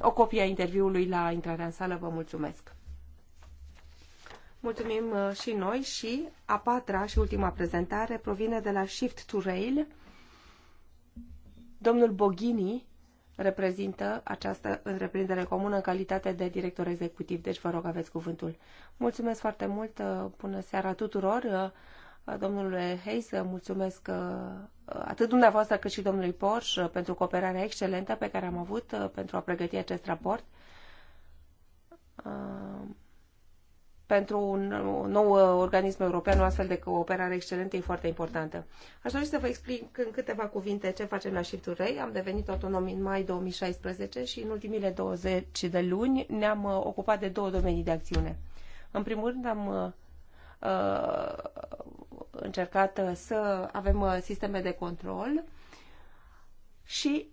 o copie a interviului la intrarea în sală. Vă mulțumesc! Mulțumim uh, și noi și a patra și ultima prezentare provine de la Shift to Rail. Domnul Boghini reprezintă această întreprindere comună în calitate de director executiv, deci vă rog aveți cuvântul. Mulțumesc foarte mult, uh, bună seara tuturor. Uh, domnule Hayes, mulțumesc atât dumneavoastră cât și domnului Porsche pentru cooperarea excelentă pe care am avut pentru a pregăti acest raport pentru un nou uh, organism european, o astfel de cooperare excelentă e foarte importantă. Aș dori să vă explic în câteva cuvinte ce facem la Shift Ray. Am devenit autonom în mai 2016 și în ultimile 20 de luni ne-am uh, ocupat de două domenii de acțiune. În primul rând am uh, uh încercat să avem sisteme de control și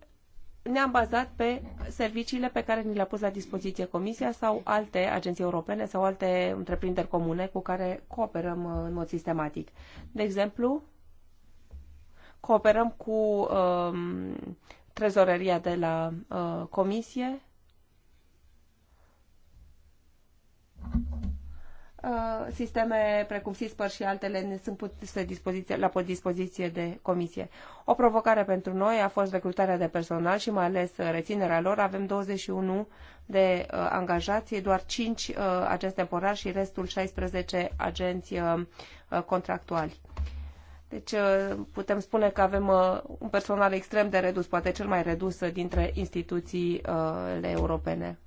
ne-am bazat pe serviciile pe care ni le-a pus la dispoziție Comisia sau alte agenții europene sau alte întreprinderi comune cu care cooperăm uh, în mod sistematic. De exemplu, cooperăm cu um, trezoreria de la uh, Comisie, Uh, sisteme precum SISPER și altele ne sunt puse dispoziție, la dispoziție de comisie. O provocare pentru noi a fost recrutarea de personal și mai ales uh, reținerea lor. Avem 21 de uh, angajați, doar 5 uh, agenți temporari și restul 16 agenți uh, uh, contractuali. Deci uh, putem spune că avem uh, un personal extrem de redus, poate cel mai redus dintre instituțiile europene.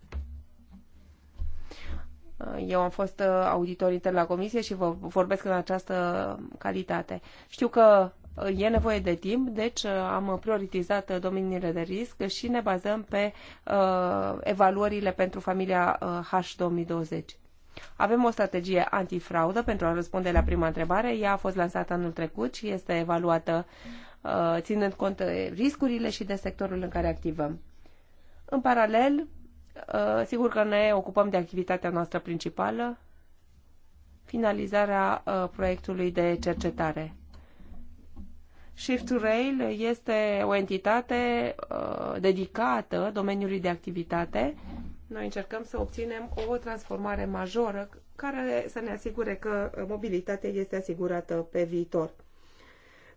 Uh, eu am fost uh, auditor intern la comisie și vă vorbesc în această calitate. Știu că uh, e nevoie de timp, deci am prioritizat domeniile de risc și ne bazăm pe uh, evaluările pentru familia H2020. Avem o strategie antifraudă pentru a răspunde la prima întrebare. Ea a fost lansată anul trecut și este evaluată uh, ținând cont riscurile și de sectorul în care activăm. În paralel, Uh, sigur că ne ocupăm de activitatea noastră principală, finalizarea uh, proiectului de cercetare. Shift to Rail este o entitate uh, dedicată domeniului de activitate. Noi încercăm să obținem o transformare majoră care să ne asigure că mobilitatea este asigurată pe viitor.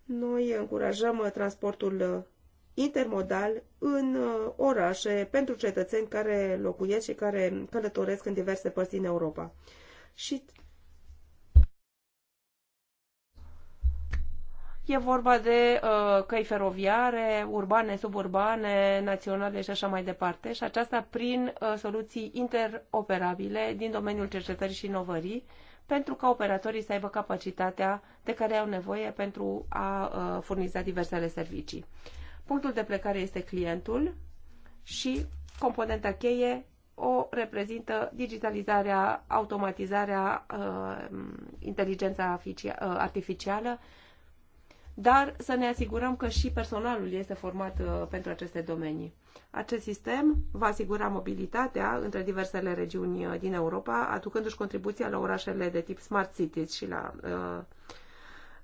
Noi încurajăm transportul intermodal în uh, orașe pentru cetățeni care locuiesc și care călătoresc în diverse părți din Europa. Și E vorba de uh, căi feroviare, urbane, suburbane, naționale și așa mai departe, și aceasta prin uh, soluții interoperabile din domeniul cercetării și inovării, pentru ca operatorii să aibă capacitatea de care au nevoie pentru a uh, furniza diversele servicii. Punctul de plecare este clientul și componenta cheie o reprezintă digitalizarea, automatizarea, uh, inteligența uh, artificială, dar să ne asigurăm că și personalul este format uh, pentru aceste domenii. Acest sistem va asigura mobilitatea între diversele regiuni din Europa, aducându-și contribuția la orașele de tip Smart Cities și la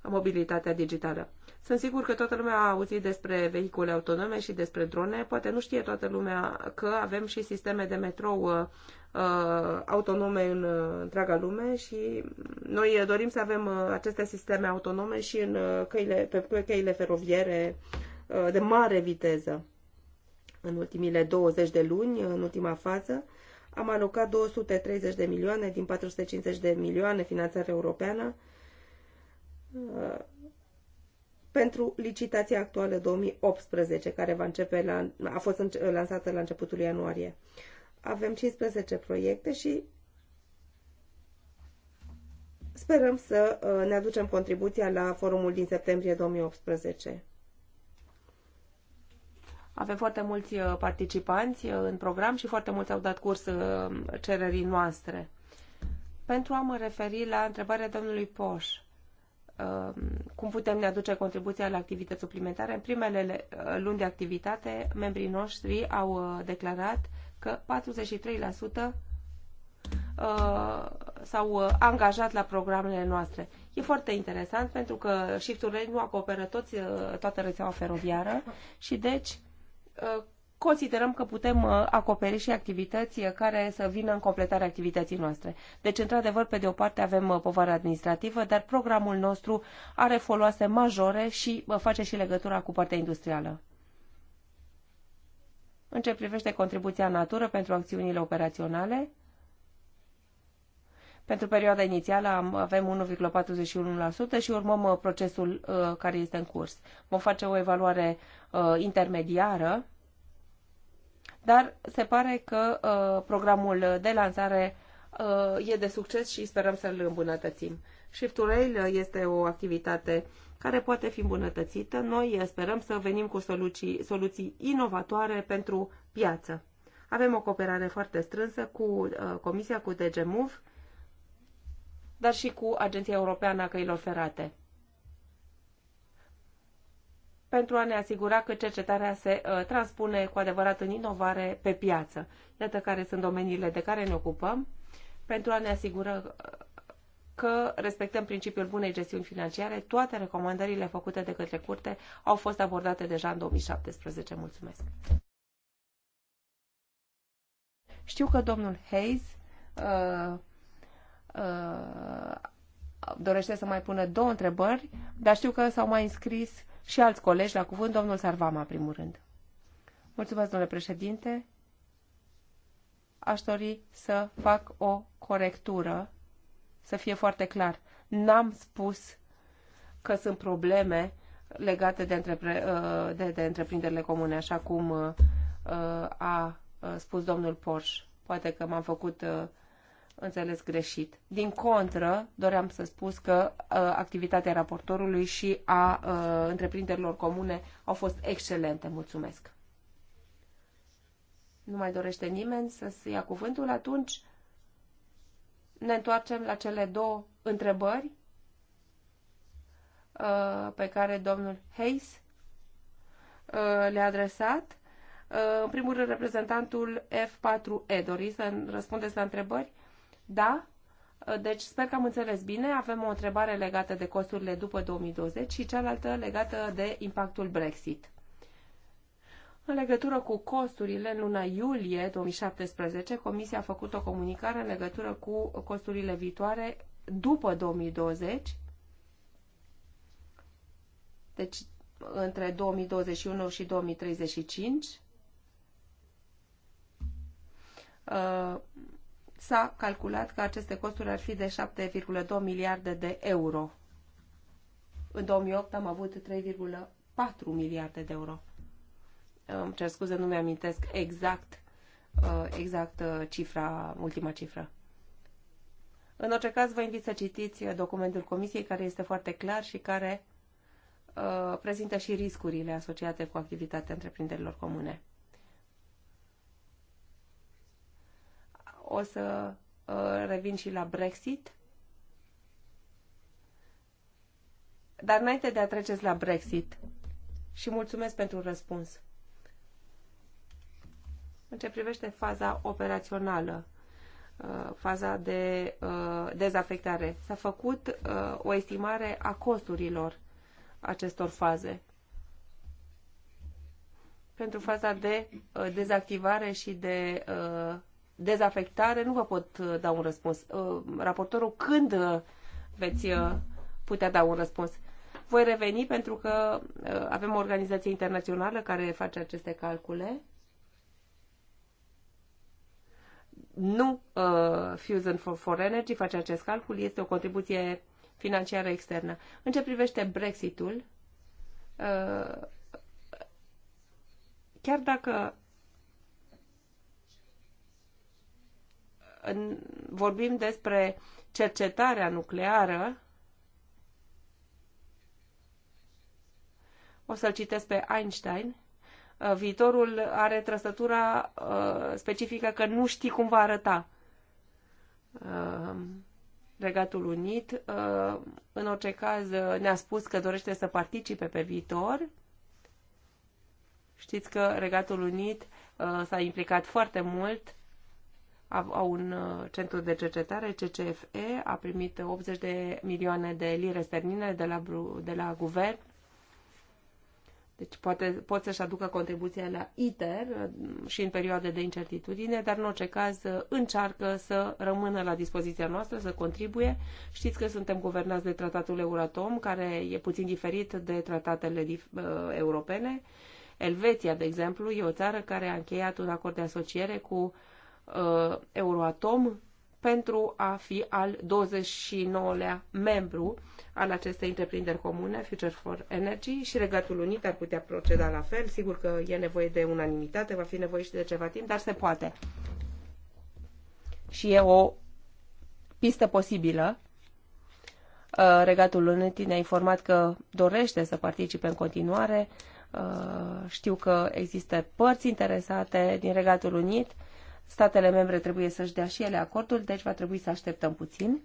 mobilitatea digitală. Sunt sigur că toată lumea a auzit despre vehicule autonome și despre drone. Poate nu știe toată lumea că avem și sisteme de metrou uh, uh autonome în uh, întreaga lume și noi uh, dorim să avem uh, aceste sisteme autonome și în uh, căile, pe căile feroviere uh, de mare viteză. În ultimile 20 de luni, în ultima fază, am alocat 230 de milioane din 450 de milioane finanțare europeană uh, pentru licitația actuală 2018, care va începe la, a fost lansată la începutul ianuarie. Avem 15 proiecte și sperăm să uh, ne aducem contribuția la forumul din septembrie 2018. Avem foarte mulți uh, participanți uh, în program și foarte mulți au dat curs cererii noastre. Pentru a mă referi la întrebarea domnului Poș, Um, cum putem ne aduce contribuția la activități suplimentare. În primele uh, luni de activitate, membrii noștri au uh, declarat că 43% uh, s-au angajat la programele noastre. E foarte interesant pentru că shift nu acoperă toți, toată rețeaua feroviară și deci considerăm că putem uh, acoperi și activități uh, care să vină în completarea activității noastre. Deci, într-adevăr, pe de o parte avem uh, povara administrativă, dar programul nostru are foloase majore și face și legătura cu partea industrială. În ce privește contribuția natură pentru acțiunile operaționale, pentru perioada inițială avem 1,41% și urmăm procesul care este în curs. Vom face o evaluare intermediară dar se pare că uh, programul de lansare uh, e de succes și sperăm să-l îmbunătățim. Shift to Rail uh, este o activitate care poate fi îmbunătățită. Noi sperăm să venim cu soluții, soluții inovatoare pentru piață. Avem o cooperare foarte strânsă cu Comisia, cu DGMUV, dar și cu Agenția Europeană a Căilor Ferate pentru a ne asigura că cercetarea se uh, transpune cu adevărat în inovare pe piață. Iată care sunt domeniile de care ne ocupăm pentru a ne asigura uh, că respectăm principiul bunei gestiuni financiare. Toate recomandările făcute de către curte au fost abordate deja în 2017. Mulțumesc! Știu că domnul Hayes uh, uh, dorește să mai pună două întrebări, dar știu că s-au mai înscris uh, și alți colegi la cuvânt, domnul Sarvama, primul rând. Mulțumesc, domnule președinte. Aș dori să fac o corectură, să fie foarte clar. N-am spus că sunt probleme legate de, întrepre, uh, de, de întreprinderile comune, așa cum uh, uh, a spus domnul Porș. Poate că m-am făcut uh, înțeles greșit. Din contră, doream să spus că uh, activitatea raportorului și a uh, întreprinderilor comune au fost excelente. Mulțumesc! Nu mai dorește nimeni să se ia cuvântul, atunci ne întoarcem la cele două întrebări uh, pe care domnul Hayes uh, le-a adresat. Uh, în primul rând, reprezentantul F4E, dori să răspundeți la întrebări? Da? Uh, deci sper că am înțeles bine. Avem o întrebare legată de costurile după 2020 și cealaltă legată de impactul Brexit. În legătură cu costurile, în luna iulie 2017, Comisia a făcut o comunicare în legătură cu costurile viitoare după 2020, deci între 2021 și 2035. Uh, s-a calculat că aceste costuri ar fi de 7,2 miliarde de euro. În 2008 am avut 3,4 miliarde de euro. Îmi cer scuze, nu mi-amintesc exact, uh, exact uh, cifra, ultima cifră. În orice caz, vă invit să citiți uh, documentul comisiei, care este foarte clar și care prezintă și riscurile asociate cu activitatea întreprinderilor comune. o să uh, revin și la Brexit. Dar înainte de a treceți la Brexit, și mulțumesc pentru răspuns. În ce privește faza operațională, uh, faza de uh, dezafectare, s-a făcut o estimare a costurilor acestor faze. Pentru faza de dezactivare și de dezafectare, nu vă pot uh, da un răspuns. Uh, raportorul, când uh, veți putea da un răspuns? Voi reveni pentru că avem o organizație internațională care face aceste calcule. Nu Fusion for, for Energy face acest calcul, este o contribuție financiară externă. În ce privește Brexitul, chiar dacă vorbim despre cercetarea nucleară, o să-l citesc pe Einstein, uh, viitorul are trăsătura uh, specifică că nu știi cum va arăta. Uh, Regatul Unit, în orice caz, ne-a spus că dorește să participe pe viitor. Știți că Regatul Unit s-a implicat foarte mult au un uh, centru de cercetare, CCFE, a primit 80 de milioane de lire sterline de la, de la guvern. Deci poate, pot să-și aducă contribuția la ITER uh, și în perioade de incertitudine, dar în orice caz uh, încearcă să rămână la dispoziția noastră, să contribuie. Știți că suntem guvernați de tratatul Euratom, care e puțin diferit de tratatele dif- europene. Elveția, de exemplu, e o țară care a încheiat un acord de asociere cu uh, uh, Euroatom pentru a fi al 29-lea membru al acestei întreprinderi comune, Future for Energy, și Regatul Unit ar putea proceda la fel. Sigur că e nevoie de unanimitate, va fi nevoie și de ceva timp, dar se poate. Și e o pistă posibilă. Uh, Regatul Unit ne-a informat că dorește să participe în continuare. Uh, știu că există părți interesate din Regatul Unit Statele membre trebuie să-și dea și ele acordul, deci va trebui să așteptăm puțin.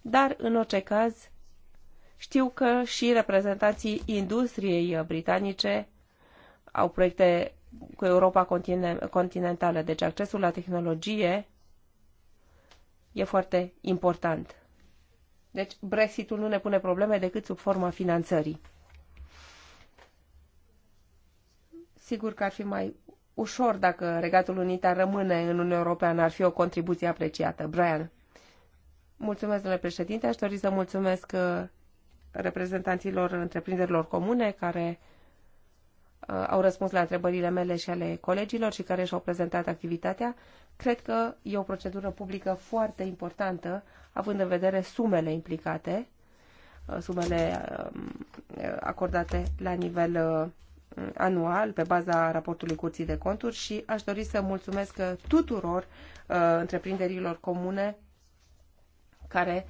Dar, în orice caz, știu că și reprezentanții industriei britanice au proiecte cu Europa continentală, deci accesul la tehnologie e foarte important. Deci Brexitul nu ne pune probleme decât sub forma finanțării. Sigur că ar fi mai ușor dacă Regatul Unit ar rămâne în Uniunea Europeană, ar fi o contribuție apreciată. Brian. Mulțumesc, domnule președinte. Aș dori să mulțumesc uh, reprezentanților întreprinderilor comune care uh, au răspuns la întrebările mele și ale colegilor și care și-au prezentat activitatea. Cred că e o procedură publică foarte importantă, având în vedere sumele implicate, uh, sumele um, acordate la nivel anual pe baza raportului Curții de Conturi și aș dori să mulțumesc tuturor uh, întreprinderilor comune care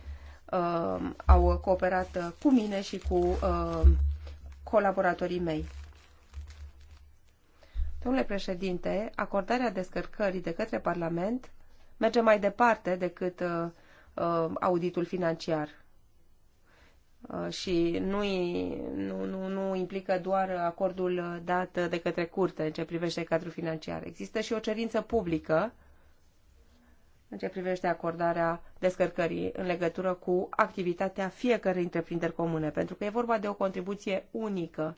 uh, au cooperat uh, cu mine și cu colaboratorii mei. Domnule președinte, acordarea descărcării de către Parlament merge mai departe decât auditul financiar. Uh, și nu, nu, nu, nu implică doar acordul dat de către curte în ce privește cadrul financiar. Există și o cerință publică în ce privește acordarea descărcării în legătură cu activitatea fiecărei întreprinderi comune, pentru că e vorba de o contribuție unică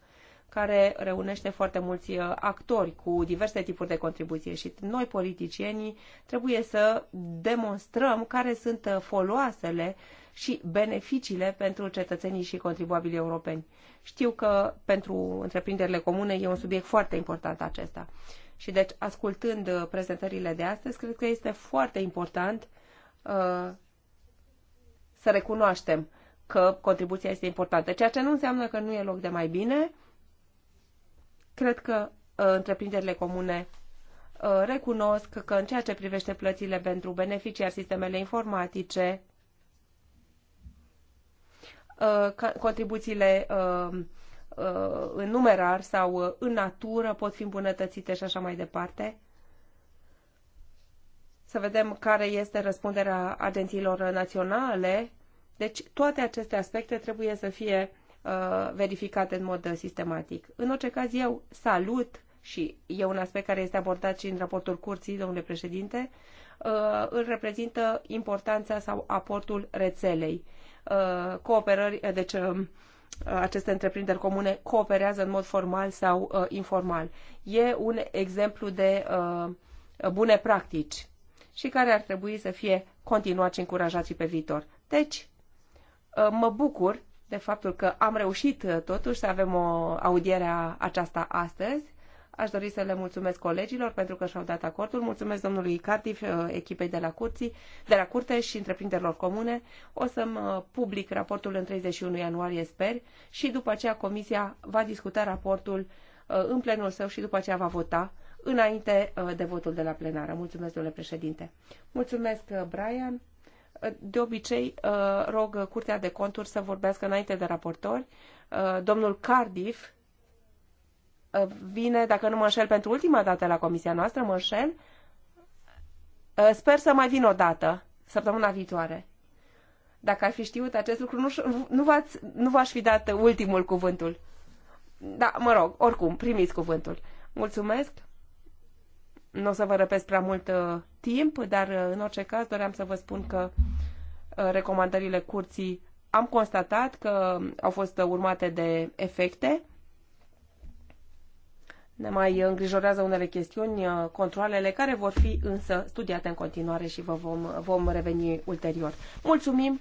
care reunește foarte mulți uh, actori cu diverse tipuri de contribuție și noi politicienii trebuie să demonstrăm care sunt uh, foloasele uh, și beneficiile pentru cetățenii și contribuabilii europeni. Știu că pentru întreprinderile comune e un subiect foarte important acesta. Și deci, ascultând uh, prezentările de astăzi, cred că este foarte important uh, să recunoaștem că contribuția este importantă, ceea ce nu înseamnă că nu e loc de mai bine. Cred că uh, întreprinderile comune uh, recunosc că în ceea ce privește plățile pentru beneficiar sistemele informatice, Uh, contribuțiile uh, uh, în numerar sau în natură pot fi îmbunătățite și așa mai departe. Să vedem care este răspunderea agențiilor naționale. Deci toate aceste aspecte trebuie să fie verificate în mod sistematic. În orice caz, eu salut și e un aspect care este abordat și în raportul curții, domnule președinte, îl reprezintă importanța sau aportul rețelei. Uh, cooperări, uh, deci uh, aceste întreprinderi comune cooperează în mod formal sau informal. E un exemplu de bune practici și care ar trebui să fie continuat și încurajat și pe viitor. Deci, mă bucur de faptul că am reușit totuși să avem o audiere aceasta astăzi Aș dori să le mulțumesc colegilor pentru că și-au dat acordul. Mulțumesc domnului Cardiff, uh, echipei de la, curții, de la curte și întreprinderilor comune. O să-mi uh, public raportul în 31 ianuarie, sper, și după aceea Comisia va discuta raportul uh, în plenul său și după aceea va vota înainte de votul de la plenară. Mulțumesc, domnule președinte. Mulțumesc, Brian. De obicei, rog Curtea de Conturi să vorbească înainte de raportori. Domnul Cardiff Uh, vine, dacă nu mă înșel, pentru ultima dată la comisia noastră, mă înșel. Uh, sper să mai vin o dată, săptămâna viitoare. Dacă ar fi știut acest lucru, nu, nu, v-ați, nu v-aș fi dat ultimul cuvântul. Da, mă rog, oricum, primiți cuvântul. Mulțumesc. Nu o să vă răpesc prea mult uh, timp, dar uh, în orice caz doream să vă spun că uh, recomandările curții am constatat că au fost uh, urmate de efecte ne mai îngrijorează unele chestiuni, uh, controlele care vor fi însă studiate în continuare și vă vom, vom reveni ulterior. Mulțumim!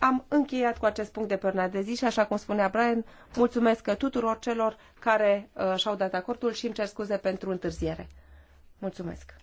Am încheiat cu acest punct de pernă de zi și, așa cum spunea Brian, mulțumesc tuturor celor care uh, și-au dat acordul și îmi cer scuze pentru întârziere. Mulțumesc!